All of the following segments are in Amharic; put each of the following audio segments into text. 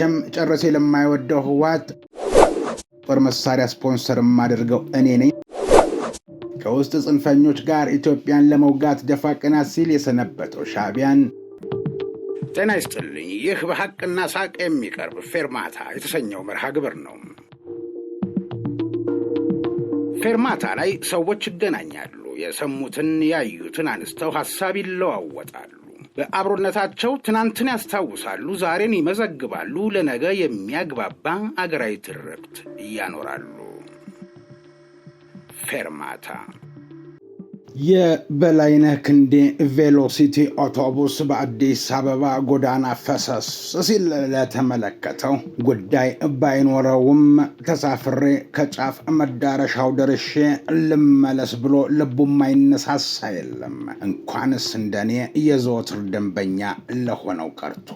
መቼም ጨረሴ ለማይወደው ህወሓት ጦር መሳሪያ ስፖንሰር የማደርገው እኔ ነኝ፣ ከውስጥ ጽንፈኞች ጋር ኢትዮጵያን ለመውጋት ደፋ ቀና ሲል የሰነበተው ሻቢያን ጤና ይስጥልኝ። ይህ በሐቅና ሳቅ የሚቀርብ ፌርማታ የተሰኘው መርሃ ግብር ነው። ፌርማታ ላይ ሰዎች ይገናኛሉ። የሰሙትን ያዩትን አንስተው ሐሳብ ይለዋወጣሉ። በአብሮነታቸው ትናንትን ያስታውሳሉ፣ ዛሬን ይመዘግባሉ፣ ለነገ የሚያግባባ አገራዊ ትርክት እያኖራሉ። ፌርማታ የበላይነህ ክንዴ ቬሎሲቲ አውቶቡስ በአዲስ አበባ ጎዳና ፈሰስ ሲል ለተመለከተው ጉዳይ ባይኖረውም ተሳፍሬ ከጫፍ መዳረሻው ደርሼ ልመለስ ብሎ ልቡ ማይነሳሳ የለም። እንኳንስ እንደኔ የዘወትር ደንበኛ ለሆነው ቀርቶ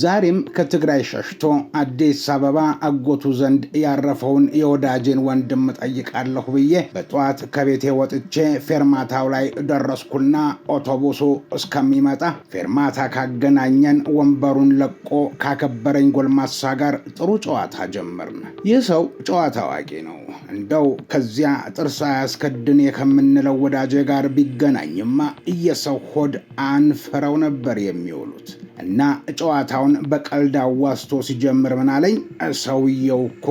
ዛሬም ከትግራይ ሸሽቶ አዲስ አበባ አጎቱ ዘንድ ያረፈውን የወዳጄን ወንድም ጠይቃለሁ ብዬ በጠዋት ከቤቴ ወጥቼ ፌርማታው ላይ ደረስኩና አውቶቡሱ እስከሚመጣ ፌርማታ ካገናኘን ወንበሩን ለቆ ካከበረኝ ጎልማሳ ጋር ጥሩ ጨዋታ ጀመርን። ይህ ሰው ጨዋታ አዋቂ ነው። እንደው ከዚያ ጥርስ አያስከድን ከምንለው ወዳጄ ጋር ቢገናኝማ እየሰው ሆድ አንፍረው ነበር የሚውሉት። እና ጨዋታውን በቀልድ አዋስቶ ሲጀምር ምን አለኝ? ሰውየው እኮ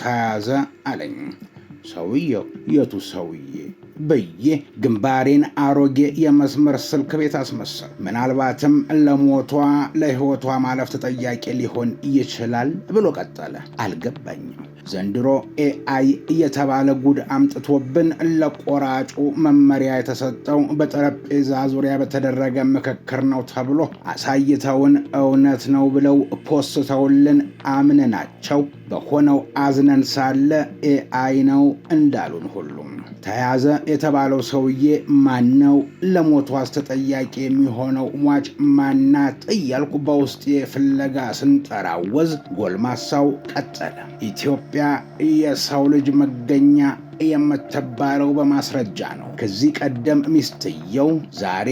ተያዘ አለኝ። ሰውየው የቱ ሰውዬ ብዬ ግንባሬን አሮጌ የመስመር ስልክ ቤት አስመሰል። ምናልባትም ለሞቷ ለሕይወቷ ማለፍ ተጠያቂ ሊሆን ይችላል ብሎ ቀጠለ። አልገባኝም። ዘንድሮ ኤአይ እየተባለ ጉድ አምጥቶብን ለቆራጩ መመሪያ የተሰጠው በጠረጴዛ ዙሪያ በተደረገ ምክክር ነው ተብሎ አሳይተውን እውነት ነው ብለው ፖስተውልን አምነናቸው በሆነው አዝነን ሳለ ኤአይ ነው እንዳሉን ሁሉም ተያዘ የተባለው ሰውዬ ማን ነው? ለሞቱ አስተጠያቂ የሚሆነው ሟች ማናት? እያልኩ በውስጤ ፍለጋ ስንጠራወዝ ጎልማሳው ቀጠለ። ኢትዮጵያ የሰው ልጅ መገኛ የምትባለው በማስረጃ ነው። ከዚህ ቀደም ሚስትየው፣ ዛሬ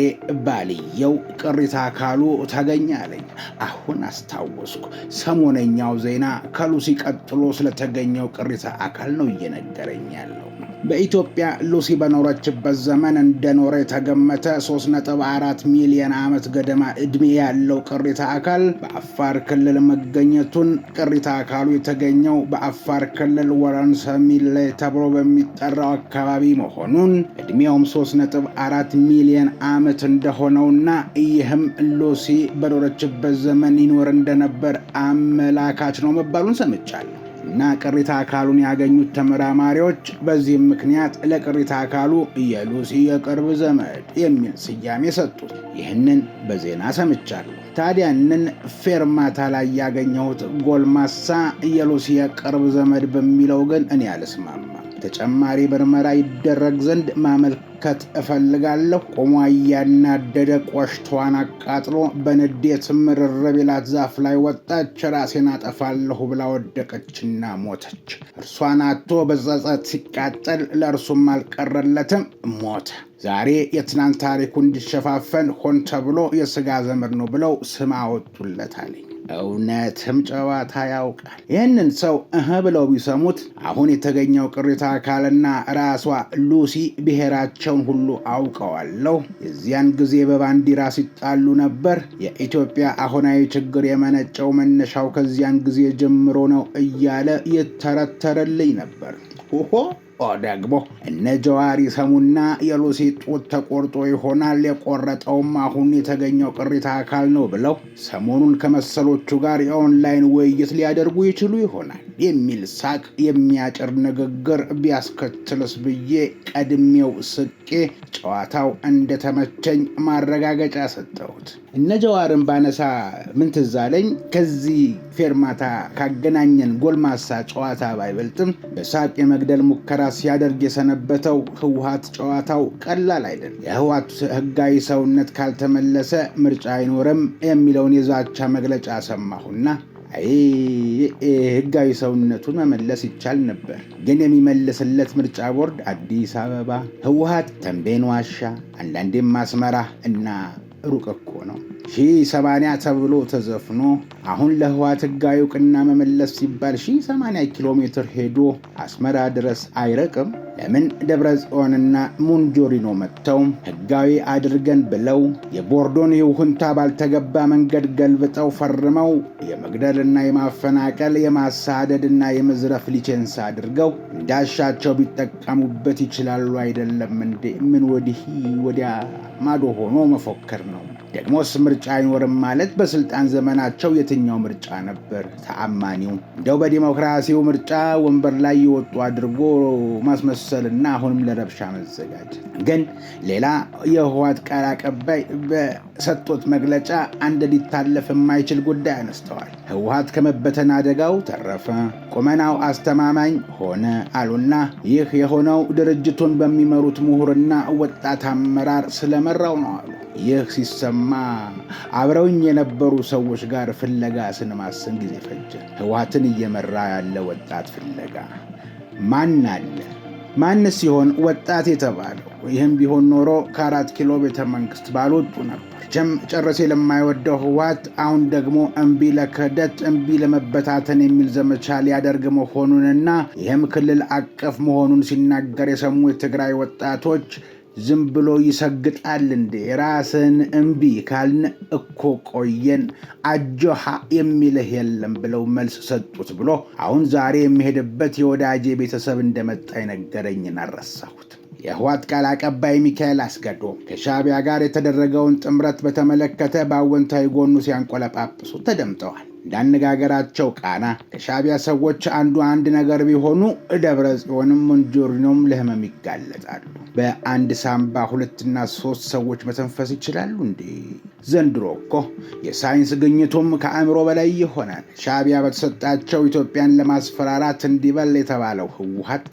ባልየው ቅሪተ አካሉ ተገኛለኝ። አሁን አስታወስኩ። ሰሞነኛው ዜና ከሉሲ ቀጥሎ ስለተገኘው ቅሪተ አካል ነው እየነገረኝ ያለው። በኢትዮጵያ ሉሲ በኖረችበት ዘመን እንደኖረ የተገመተ 3.4 ሚሊዮን ዓመት ገደማ ዕድሜ ያለው ቅሪተ አካል በአፋር ክልል መገኘቱን ቅሪተ አካሉ የተገኘው በአፋር ክልል ወረንሰሚሌ ተብሎ በሚጠራው አካባቢ መሆኑን ዕድሜውም 3.4 ሚሊዮን ዓመት እንደሆነውና ይህም ሉሲ በኖረችበት ዘመን ይኖር እንደነበር አመላካች ነው መባሉን ሰምቻለሁ። እና ቅሪታ አካሉን ያገኙት ተመራማሪዎች በዚህም ምክንያት ለቅሪታ አካሉ የሉሲ የቅርብ ዘመድ የሚል ስያሜ ሰጡት። ይህንን በዜና ሰምቻለሁ። ታዲያንን ፌርማታ ላይ ያገኘሁት ጎልማሳ የሉሲ የቅርብ ዘመድ በሚለው ግን እኔ አልስማማ። ተጨማሪ ምርመራ ይደረግ ዘንድ ማመልከ መመከት እፈልጋለሁ። ቆሟ እያናደደ ቆሽቷን አቃጥሎ በንዴት ምርር ቢላት ዛፍ ላይ ወጣች። ራሴን አጠፋለሁ ብላ ወደቀችና ሞተች። እርሷን አቶ በጸጸት ሲቃጠል ለእርሱም አልቀረለትም፣ ሞተ። ዛሬ የትናንት ታሪኩ እንዲሸፋፈን ሆን ተብሎ የስጋ ዘመድ ነው ብለው ስም አወጡለት አለኝ። እውነትም ጨዋታ ያውቃል። ይህንን ሰው እህ ብለው ቢሰሙት አሁን የተገኘው ቅሪተ አካልና ራሷ ሉሲ ብሔራቸውን ሁሉ አውቀዋለሁ። የዚያን ጊዜ በባንዲራ ሲጣሉ ነበር። የኢትዮጵያ አሁናዊ ችግር የመነጨው መነሻው ከዚያን ጊዜ ጀምሮ ነው እያለ ይተረተረልኝ ነበር ሆሆ ደግሞ እነ ጀዋሪ ሰሙና የሉሲ ጡት ተቆርጦ ይሆናል የቆረጠውም አሁን የተገኘው ቅሪተ አካል ነው ብለው ሰሞኑን ከመሰሎቹ ጋር የኦንላይን ውይይት ሊያደርጉ ይችሉ ይሆናል። የሚል ሳቅ የሚያጭር ንግግር ቢያስከትልስ ብዬ ቀድሜው ስቄ ጨዋታው እንደተመቸኝ ማረጋገጫ ሰጠሁት። እነ ጀዋርን ባነሳ ምን ትዝ አለኝ? ከዚህ ፌርማታ ካገናኘን ጎልማሳ ጨዋታ ባይበልጥም በሳቅ የመግደል ሙከራ ሲያደርግ የሰነበተው ህውሃት ጨዋታው ቀላል አይደል። የህወሓት ህጋዊ ሰውነት ካልተመለሰ ምርጫ አይኖርም የሚለውን የዛቻ መግለጫ ሰማሁና ህጋዊ ሰውነቱን መመለስ ይቻል ነበር። ግን የሚመልስለት ምርጫ ቦርድ አዲስ አበባ፣ ህወሀት፣ ተንቤን ዋሻ፣ አንዳንዴም አስመራ እና ሩቅ እኮ ነው። ሺህ ሰማንያ ተብሎ ተዘፍኖ አሁን ለህዋት ህጋዊ እውቅና መመለስ ሲባል ሺ ሰማንያ ኪሎ ሜትር ሄዶ አስመራ ድረስ አይረቅም። ለምን ደብረ ጽዮንና ሙንጆሪኖ መጥተው ህጋዊ አድርገን ብለው የቦርዶን ይሁንታ ባልተገባ መንገድ ገልብጠው ፈርመው የመግደልና የማፈናቀል የማሳደድና የመዝረፍ ሊቼንስ አድርገው እንዳሻቸው ቢጠቀሙበት ይችላሉ። አይደለም እንዴ? ምን ወዲህ ወዲያ ማዶ ሆኖ መፎከር ነው። ደግሞ ስምር ምርጫ አይኖርም ማለት በስልጣን ዘመናቸው የትኛው ምርጫ ነበር ተአማኒው? እንደው በዲሞክራሲው ምርጫ ወንበር ላይ የወጡ አድርጎ ማስመሰልና አሁንም ለረብሻ መዘጋጀት። ግን ሌላ የህወሓት ቃል አቀባይ በሰጡት መግለጫ አንድ ሊታለፍ የማይችል ጉዳይ አነስተዋል። ህወሓት ከመበተን አደጋው ተረፈ፣ ቁመናው አስተማማኝ ሆነ አሉና ይህ የሆነው ድርጅቱን በሚመሩት ምሁርና ወጣት አመራር ስለመራው ነው አሉ። ይህ ሲሰማ አብረውኝ የነበሩ ሰዎች ጋር ፍለጋ ስንማስን ጊዜ ፈጀ። ህወሓትን እየመራ ያለ ወጣት ፍለጋ ማን አለ? ማን ሲሆን ወጣት የተባለው? ይህም ቢሆን ኖሮ ከአራት ኪሎ ቤተ መንግስት ባልወጡ ነበር። ጀም ጨረሴ ለማይወደው ህወሓት አሁን ደግሞ እምቢ ለክህደት እምቢ ለመበታተን የሚል ዘመቻ ሊያደርግ መሆኑንና ይህም ክልል አቀፍ መሆኑን ሲናገር የሰሙ የትግራይ ወጣቶች ዝም ብሎ ይሰግጣል እንዴ? ራስን እምቢ ካልን እኮ ቆየን አጆሃ የሚልህ የለም ብለው መልስ ሰጡት ብሎ አሁን ዛሬ የሚሄድበት የወዳጄ ቤተሰብ እንደመጣ የነገረኝን አረሳሁት። የህዋት ቃል አቀባይ ሚካኤል አስገዶ ከሻቢያ ጋር የተደረገውን ጥምረት በተመለከተ በአወንታዊ ጎኑ ሲያንቆለጳጵሱ ተደምጠዋል። እንዳነጋገራቸው ቃና ከሻቢያ ሰዎች አንዱ አንድ ነገር ቢሆኑ ደብረ ጽዮንም ሞንጆሪኖም ለህመም ይጋለጣሉ። በአንድ ሳምባ ሁለትና ሶስት ሰዎች መተንፈስ ይችላሉ እንዴ? ዘንድሮ እኮ የሳይንስ ግኝቱም ከአእምሮ በላይ ይሆናል። ሻቢያ በተሰጣቸው ኢትዮጵያን ለማስፈራራት እንዲበል የተባለው ህወሀት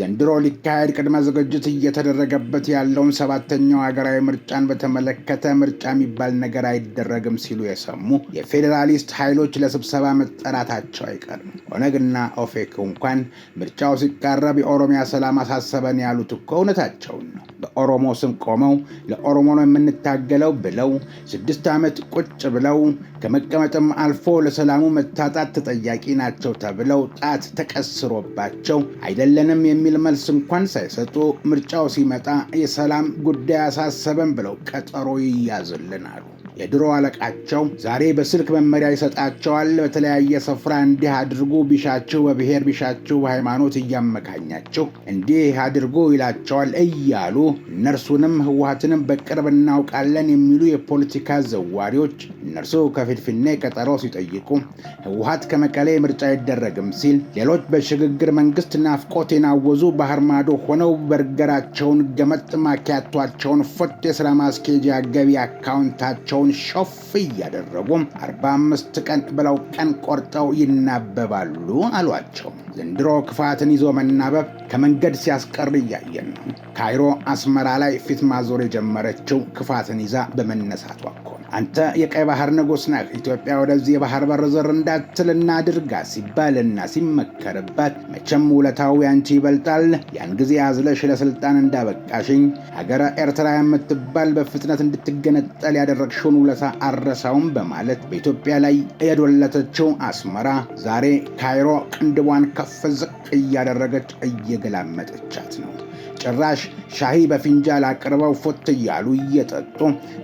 ዘንድሮ ሊካሄድ ቅድመ ዝግጅት እየተደረገበት ያለውን ሰባተኛው ሀገራዊ ምርጫን በተመለከተ ምርጫ የሚባል ነገር አይደረግም ሲሉ የሰሙ የፌዴራሊስት ኃይሎች ለስብሰባ መጠራታቸው አይቀርም። ኦነግና ኦፌክ እንኳን ምርጫው ሲቃረብ የኦሮሚያ ሰላም አሳሰበን ያሉት እኮ እውነታቸውን ነው። በኦሮሞ ስም ቆመው ለኦሮሞ ነው የምንታገለው ብለው ስድስት ዓመት ቁጭ ብለው ከመቀመጥም አልፎ ለሰላሙ መታጣት ተጠያቂ ናቸው ተብለው ጣት ተቀስሮባቸው አይደለንም የሚል መልስ እንኳን ሳይሰጡ ምርጫው ሲመጣ የሰላም ጉዳይ አሳሰበን ብለው ቀጠሮ ይያዝልን አሉ። የድሮ አለቃቸው ዛሬ በስልክ መመሪያ ይሰጣቸዋል። በተለያየ ስፍራ እንዲህ አድርጉ ቢሻችሁ፣ በብሔር ቢሻችሁ፣ በሃይማኖት እያመካኛችሁ እንዲህ አድርጉ ይላቸዋል እያሉ እነርሱንም ህወሀትንም በቅርብ እናውቃለን የሚሉ የፖለቲካ ዘዋሪዎች እነርሱ ከፊንፊኔ ቀጠሮ ሲጠይቁ ህወሀት ከመቀሌ ምርጫ አይደረግም ሲል፣ ሌሎች በሽግግር መንግስት ናፍቆት የናወዙ ባህር ማዶ ሆነው በርገራቸውን ገመጥ ማኪያቷቸውን ፎት የስራ ማስኬጃ ገቢ አካውንታቸው ፊታቸውን ሾፍ እያደረጉ 45 ቀን ብለው ቀን ቆርጠው ይናበባሉ አሏቸው። ዘንድሮ ክፋትን ይዞ መናበብ ከመንገድ ሲያስቀር እያየን ነው። ካይሮ አስመራ ላይ ፊት ማዞር የጀመረችው ክፋትን ይዛ በመነሳቷ እኮ አንተ የቀይ ባህር ንጉሥ ነህ፣ ኢትዮጵያ ወደዚህ የባህር በር ዝር እንዳትልና አድርጋ ሲባልና ሲመከርባት መቼም ውለታዊ አንቺ ይበልጣል፣ ያን ጊዜ አዝለሽ ለስልጣን እንዳበቃሽኝ ሀገረ ኤርትራ የምትባል በፍጥነት እንድትገነጠል ያደረግሽውን ውለታ አረሳውም በማለት በኢትዮጵያ ላይ የዶለተችው አስመራ ዛሬ ካይሮ ቅንድቧን ከፍ ዝቅ እያደረገች እየገላመጠቻት ነው። ጭራሽ ሻሂ በፊንጃል አቅርበው ፎት እያሉ እየጠጡ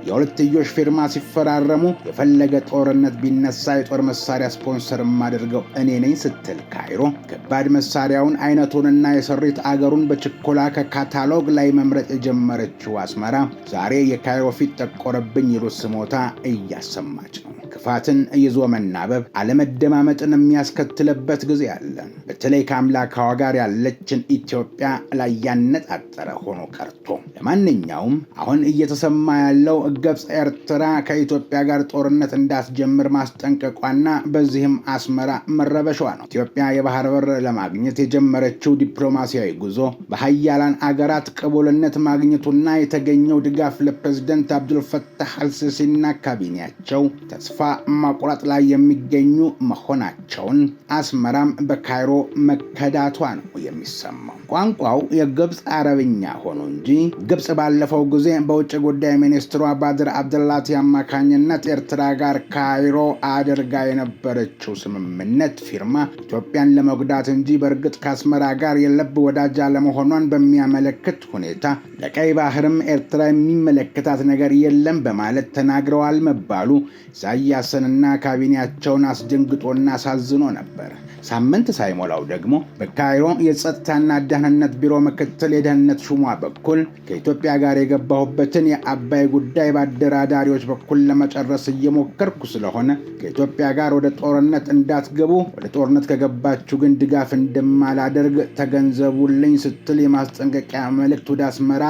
የሁለትዮሽ ፊርማ ሲፈራረሙ የፈለገ ጦርነት ቢነሳ የጦር መሳሪያ ስፖንሰርም አድርገው እኔ ነኝ ስትል ካይሮ ከባድ መሳሪያውን አይነቱንና የሰሪት አገሩን በችኮላ ከካታሎግ ላይ መምረጥ የጀመረችው አስመራ ዛሬ የካይሮ ፊት ጠቆረብኝ ይሉ ስሞታ እያሰማች ነው። ክፋትን ይዞ መናበብ አለመደማመጥን የሚያስከትልበት ጊዜ አለ። በተለይ ከአምላካዋ ጋር ያለችን ኢትዮጵያ ላይ ያነጣጠረ ሆኖ ቀርቶ። ለማንኛውም አሁን እየተሰማ ያለው ግብፅ ኤርትራ ከኢትዮጵያ ጋር ጦርነት እንዳትጀምር ማስጠንቀቋና በዚህም አስመራ መረበሿ ነው። ኢትዮጵያ የባህር በር ለማግኘት የጀመረችው ዲፕሎማሲያዊ ጉዞ በሀያላን አገራት ቅቡልነት ማግኘቱና የተገኘው ድጋፍ ለፕሬዝደንት አብዱልፈታህ አልሲሲና ካቢኔያቸው ተስፋ ተስፋ መቁረጥ ላይ የሚገኙ መሆናቸውን አስመራም በካይሮ መከዳቷ ነው የሚሰማው። ቋንቋው የግብፅ አረብኛ ሆኖ እንጂ ግብፅ ባለፈው ጊዜ በውጭ ጉዳይ ሚኒስትሯ ባድር አብደላቲ አማካኝነት ኤርትራ ጋር ካይሮ አድርጋ የነበረችው ስምምነት ፊርማ ኢትዮጵያን ለመጉዳት እንጂ በእርግጥ ከአስመራ ጋር የለብ ወዳጅ አለመሆኗን በሚያመለክት ሁኔታ ለቀይ ባህርም ኤርትራ የሚመለከታት ነገር የለም በማለት ተናግረዋል መባሉ ኢሳያስ ኢሳያስንና ካቢኔያቸውን አስደንግጦና አሳዝኖ ነበር። ሳምንት ሳይሞላው ደግሞ በካይሮ የጸጥታና ደህንነት ቢሮ ምክትል የደህንነት ሹሟ በኩል ከኢትዮጵያ ጋር የገባሁበትን የአባይ ጉዳይ በአደራዳሪዎች በኩል ለመጨረስ እየሞከርኩ ስለሆነ ከኢትዮጵያ ጋር ወደ ጦርነት እንዳትገቡ፣ ወደ ጦርነት ከገባችሁ ግን ድጋፍ እንደማላደርግ ተገንዘቡልኝ ስትል የማስጠንቀቂያ መልእክት ወደ አስመራ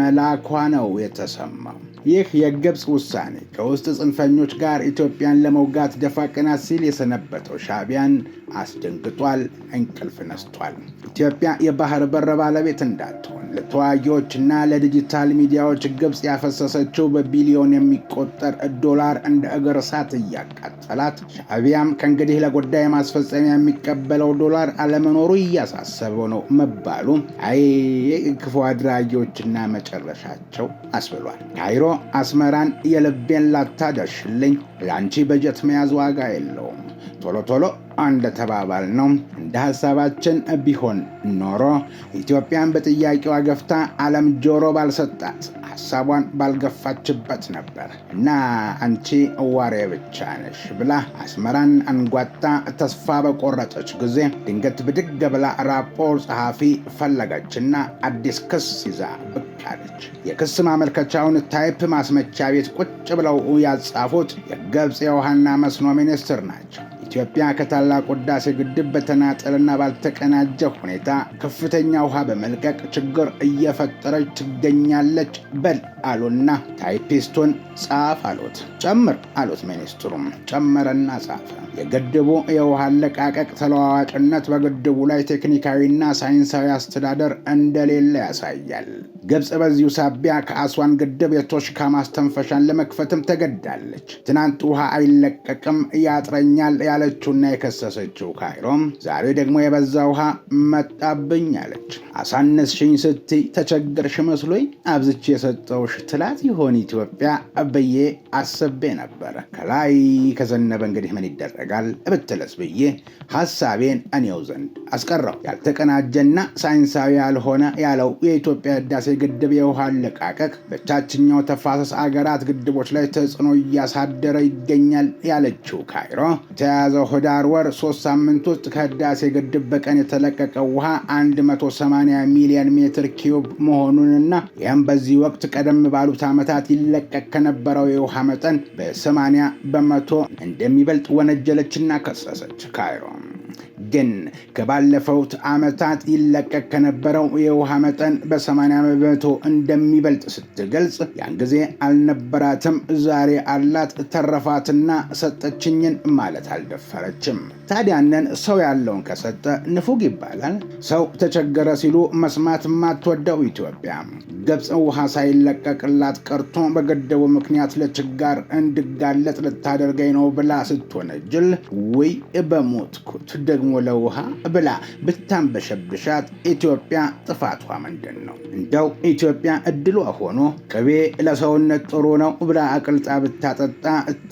መላኳ ነው የተሰማው። ይህ የግብፅ ውሳኔ ከውስጥ ጽንፈኞች ጋር ኢትዮጵያን ለመውጋት ደፋ ቀና ሲል የሰነበተው ሻቢያን አስደንግጧል፣ እንቅልፍ ነስቷል። ኢትዮጵያ የባህር በር ባለቤት እንዳትሆን ለተዋጊዎችና ለዲጂታል ሚዲያዎች ግብፅ ያፈሰሰችው በቢሊዮን የሚቆጠር ዶላር እንደ እግር እሳት እያቃጠላት፣ ሻቢያም ከእንግዲህ ለጉዳይ ማስፈጸሚያ የሚቀበለው ዶላር አለመኖሩ እያሳሰበው ነው መባሉ አይ ክፉ አድራጊዎችና መጨረሻቸው አስብሏል። ካይሮ አስመራን የልቤን ላታደሽልኝ ለአንቺ በጀት መያዝ ዋጋ የለውም። ቶሎ ቶሎ ተባባል ነው እንደ ሀሳባችን ቢሆን ኖሮ ኢትዮጵያን በጥያቄዋ ገፍታ ዓለም ጆሮ ባልሰጣት ሀሳቧን ባልገፋችበት ነበር እና አንቺ ዋሬ ብቻ ነሽ ብላ አስመራን አንጓጣ ተስፋ በቆረጠች ጊዜ ድንገት ብድግ ብላ ራፖር ጸሐፊ ፈለገችና አዲስ ክስ ይዛ አለች። የክስ ማመልከቻውን ታይፕ ማስመቻ ቤት ቁጭ ብለው ያጻፉት የግብፅ የውሃና መስኖ ሚኒስትር ናቸው። ኢትዮጵያ ከታላቅ ሕዳሴ ግድብ በተናጠልና ባልተቀናጀ ሁኔታ ከፍተኛ ውሃ በመልቀቅ ችግር እየፈጠረች ትገኛለች በል አሉና ታይፒስቱን ጻፍ አሉት። ጨምር አሉት ሚኒስትሩም ጨመረና ጻፈ። የግድቡ የውሃ አለቃቀቅ ተለዋዋጭነት በግድቡ ላይ ቴክኒካዊና ሳይንሳዊ አስተዳደር እንደሌለ ያሳያል። ግብፅ በዚሁ ሳቢያ ከአስዋን ግድብ የቶሽካ ማስተንፈሻን ለመክፈትም ተገዳለች። ትናንት ውሃ አይለቀቅም ያጥረኛል ያለችውና የከሰሰችው ካይሮም ዛሬ ደግሞ የበዛ ውሃ መጣብኝ አለች። አሳነስሽኝ ስትይ ተቸገርሽ መስሎኝ አብዝቼ የሰጠውሽ ትላት ይሆን ኢትዮጵያ ብዬ አስቤ ነበረ። ከላይ ከዘነበ እንግዲህ ምን ይደረጋል ብትለስ ብዬ ሀሳቤን እኔው ዘንድ አስቀረው። ያልተቀናጀና ሳይንሳዊ ያልሆነ ያለው የኢትዮጵያ ህዳሴ ግድብ የውሃ አለቃቀቅ በቻችኛው ተፋሰስ አገራት ግድቦች ላይ ተጽዕኖ እያሳደረ ይገኛል ያለችው ካይሮ በተያዘው ህዳር ወር ሶስት ሳምንት ውስጥ ከህዳሴ ግድብ በቀን የተለቀቀው ውሃ 180 ሚሊዮን ሜትር ኪዩብ መሆኑንና ይህም በዚህ ወቅት ቀደም ባሉት ዓመታት ይለቀቅ ከነበረው የውሃ መጠን በ80 በመቶ እንደሚበልጥ ወነጀለችና ከሰሰች ካይሮ። ግን ከባለፈውት ዓመታት ይለቀቅ ከነበረው የውሃ መጠን በ80 በመቶ እንደሚበልጥ ስትገልጽ ያን ጊዜ አልነበራትም፣ ዛሬ አላት፣ ተረፋትና ሰጠችኝን ማለት አልደፈረችም። ታዲያንን ሰው ያለውን ከሰጠ ንፉግ ይባላል። ሰው ተቸገረ ሲሉ መስማት ማትወደው ኢትዮጵያ ግብፅ ውሃ ሳይለቀቅላት ቀርቶ በገደቡ ምክንያት ለችጋር እንድጋለጥ ልታደርገኝ ነው ብላ ስትወነጅል ውይ በሞትኩት ደግሞ ደግሞ ለውሃ ብላ ብታንበሸብሻት ኢትዮጵያ ጥፋቷ ምንድን ነው? እንደው ኢትዮጵያ እድሏ ሆኖ ቅቤ ለሰውነት ጥሩ ነው ብላ አቅልጣ ብታጠጣ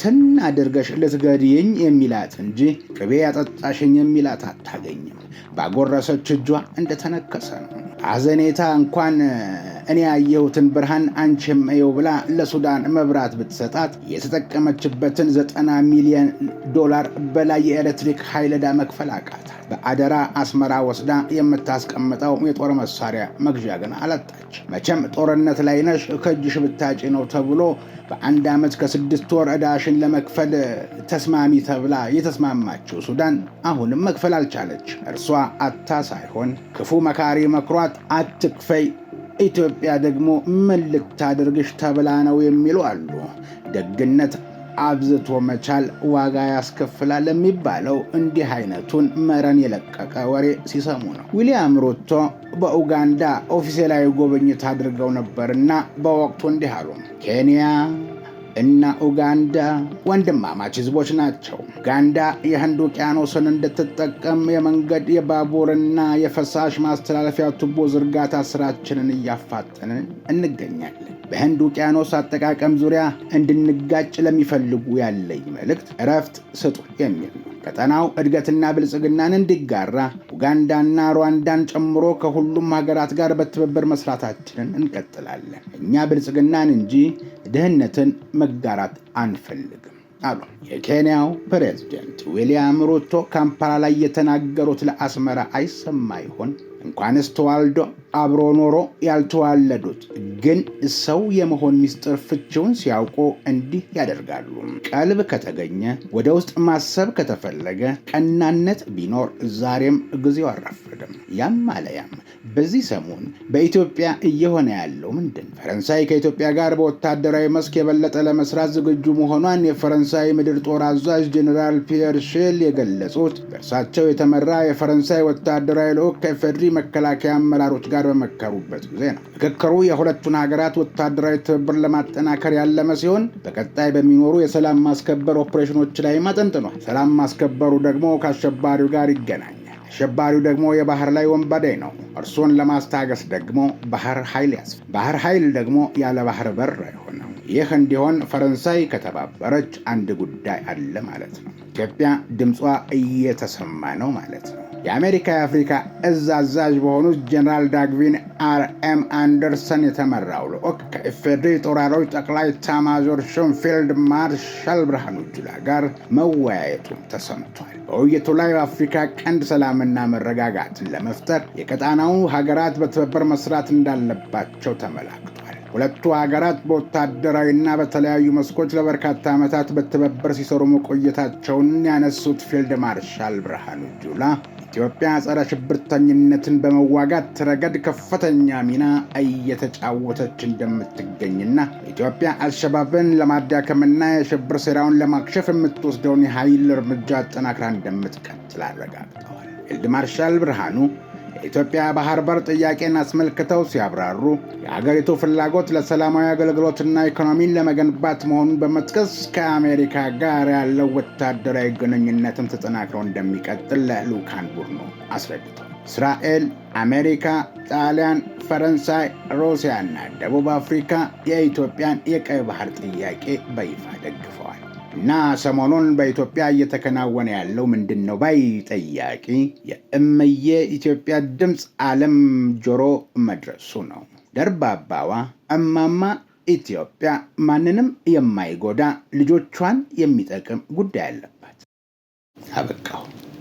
ትን አድርገሽ ልትገድይኝ የሚላት እንጂ ቅቤ ያጠጣሽኝ የሚላት አታገኝም። ባጎረሰች እጇ እንደተነከሰ ነው። አዘኔታ እንኳን እኔ ያየሁትን ብርሃን አንቺም እየው ብላ ለሱዳን መብራት ብትሰጣት የተጠቀመችበትን ዘጠና ሚሊዮን ዶላር በላይ የኤሌክትሪክ ኃይል ዕዳ መክፈል አቃታት። በአደራ አስመራ ወስዳ የምታስቀምጠው የጦር መሳሪያ መግዣ ግን አላጣች። መቼም ጦርነት ላይ ነሽ ከእጅሽ ብታጭ ነው ተብሎ በአንድ ዓመት ከስድስት ወር ዕዳሽን ለመክፈል ተስማሚ ተብላ የተስማማችው ሱዳን አሁንም መክፈል አልቻለች። እርሷ አታ ሳይሆን ክፉ መካሪ መክሯት አትክፈይ ኢትዮጵያ ደግሞ ምን ልታደርግሽ ተብላ ነው የሚሉ አሉ። ደግነት አብዝቶ መቻል ዋጋ ያስከፍላል የሚባለው እንዲህ አይነቱን መረን የለቀቀ ወሬ ሲሰሙ ነው። ዊልያም ሩቶ በኡጋንዳ ኦፊሴላዊ ጉብኝት አድርገው ነበርና በወቅቱ እንዲህ አሉ። ኬንያ እና ኡጋንዳ ወንድማማች ህዝቦች ናቸው። ኡጋንዳ የህንድ ውቅያኖስን እንድትጠቀም የመንገድ የባቡርና የፈሳሽ ማስተላለፊያ ቱቦ ዝርጋታ ስራችንን እያፋጠንን እንገኛለን። በህንድ ውቅያኖስ አጠቃቀም ዙሪያ እንድንጋጭ ለሚፈልጉ ያለኝ መልእክት እረፍት ስጡ የሚል ነው። ቀጠናው እድገትና ብልጽግናን እንዲጋራ ኡጋንዳና ሩዋንዳን ጨምሮ ከሁሉም ሀገራት ጋር በትብብር መስራታችንን እንቀጥላለን። እኛ ብልጽግናን እንጂ ድህነትን መጋራት አንፈልግም አሉ። የኬንያው ፕሬዝደንት ዊልያም ሩቶ ካምፓላ ላይ የተናገሩት ለአስመራ አይሰማ ይሆን? እንኳንስ ተዋልዶ አብሮ ኖሮ ያልተዋለዱት ግን ሰው የመሆን ምስጢር ፍቺውን ሲያውቁ እንዲህ ያደርጋሉ። ቀልብ ከተገኘ፣ ወደ ውስጥ ማሰብ ከተፈለገ፣ ቀናነት ቢኖር ዛሬም ጊዜው አልረፈደም። ያም አለያም በዚህ ሰሞን በኢትዮጵያ እየሆነ ያለው ምንድን? ፈረንሳይ ከኢትዮጵያ ጋር በወታደራዊ መስክ የበለጠ ለመስራት ዝግጁ መሆኗን የፈረንሳይ ምድር ጦር አዛዥ ጄኔራል ፒየር ሼል የገለጹት በእርሳቸው የተመራ የፈረንሳይ ወታደራዊ ልዑክ ከኢፌዴሪ መከላከያ አመራሮች ጋር ጋር በመከሩበት ጊዜ ነው። ምክክሩ የሁለቱን ሀገራት ወታደራዊ ትብብር ለማጠናከር ያለመ ሲሆን በቀጣይ በሚኖሩ የሰላም ማስከበር ኦፕሬሽኖች ላይ አጠንጥኗል። ሰላም ማስከበሩ ደግሞ ከአሸባሪው ጋር ይገናኛል። አሸባሪው ደግሞ የባህር ላይ ወንበዴ ነው። እርሱን ለማስታገስ ደግሞ ባህር ኃይል ያስ ባህር ኃይል ደግሞ ያለ ባህር በር አይሆነው። ይህ እንዲሆን ፈረንሳይ ከተባበረች አንድ ጉዳይ አለ ማለት ነው። ኢትዮጵያ ድምጿ እየተሰማ ነው ማለት ነው። የአሜሪካ የአፍሪካ እዝ አዛዥ በሆኑት ጀኔራል ዳግቪን አርኤም አንደርሰን የተመራው ልዑክ ከኢፌዴሪ ጦር ኃይሎች ጠቅላይ ኤታማዦር ሹም ፊልድ ማርሻል ብርሃኑ ጁላ ጋር መወያየቱ ተሰምቷል። በውይይቱ ላይ በአፍሪካ ቀንድ ሰላምና መረጋጋትን ለመፍጠር የቀጣናው ሀገራት በትብብር መስራት እንዳለባቸው ተመላክቷል። ሁለቱ ሀገራት በወታደራዊና በተለያዩ መስኮች ለበርካታ ዓመታት በትብብር ሲሰሩ መቆየታቸውን ያነሱት ፊልድ ማርሻል ብርሃኑ ጁላ ኢትዮጵያ ጸረ ሽብርተኝነትን በመዋጋት ረገድ ከፍተኛ ሚና እየተጫወተች እንደምትገኝና ኢትዮጵያ አልሸባብን ለማዳከምና የሽብር ሴራውን ለማክሸፍ የምትወስደውን የኃይል እርምጃ አጠናክራ እንደምትቀጥል አረጋግጠዋል። ፊልድ ማርሻል ብርሃኑ የኢትዮጵያ ባህር በር ጥያቄን አስመልክተው ሲያብራሩ የአገሪቱ ፍላጎት ለሰላማዊ አገልግሎትና ኢኮኖሚን ለመገንባት መሆኑን በመጥቀስ ከአሜሪካ ጋር ያለው ወታደራዊ ግንኙነትም ተጠናክሮ እንደሚቀጥል ለልዑካን ቡድኑ አስረድተው። እስራኤል፣ አሜሪካ፣ ጣሊያን፣ ፈረንሳይ፣ ሩሲያ እና ደቡብ አፍሪካ የኢትዮጵያን የቀይ ባህር ጥያቄ በይፋ ደግፈዋል። እና ሰሞኑን በኢትዮጵያ እየተከናወነ ያለው ምንድን ነው ባይ ጠያቂ የእምዬ ኢትዮጵያ ድምፅ ዓለም ጆሮ መድረሱ ነው። ደርባባዋ እማማ ኢትዮጵያ ማንንም የማይጎዳ ልጆቿን የሚጠቅም ጉዳይ አለባት። አበቃሁ።